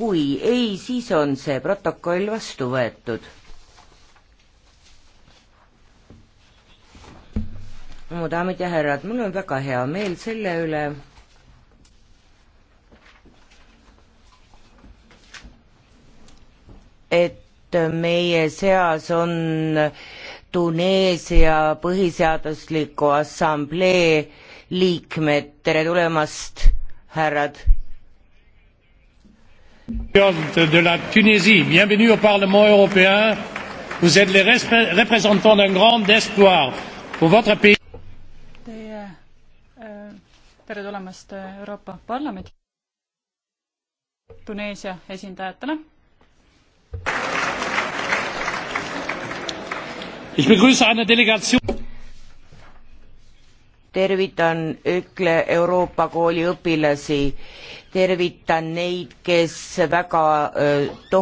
kui ei, siis on see protokoll vastu võetud. mu daamid ja härrad, mul on väga hea meel selle üle, et meie seas on Tuneesia põhiseadusliku assamblee liikmed, tere tulemast, härrad de la Tunisie, bienvenue au Parlement européen. Vous êtes les représentants d'un grand espoir pour votre pays. Teie, eh, tere tulemast Euroopa Parlamenti Tuneesia esindajatele. Ich begrüße eine Delegation tervitan Ökle Euroopa kooli õpilasi, tervitan neid, kes väga toh-.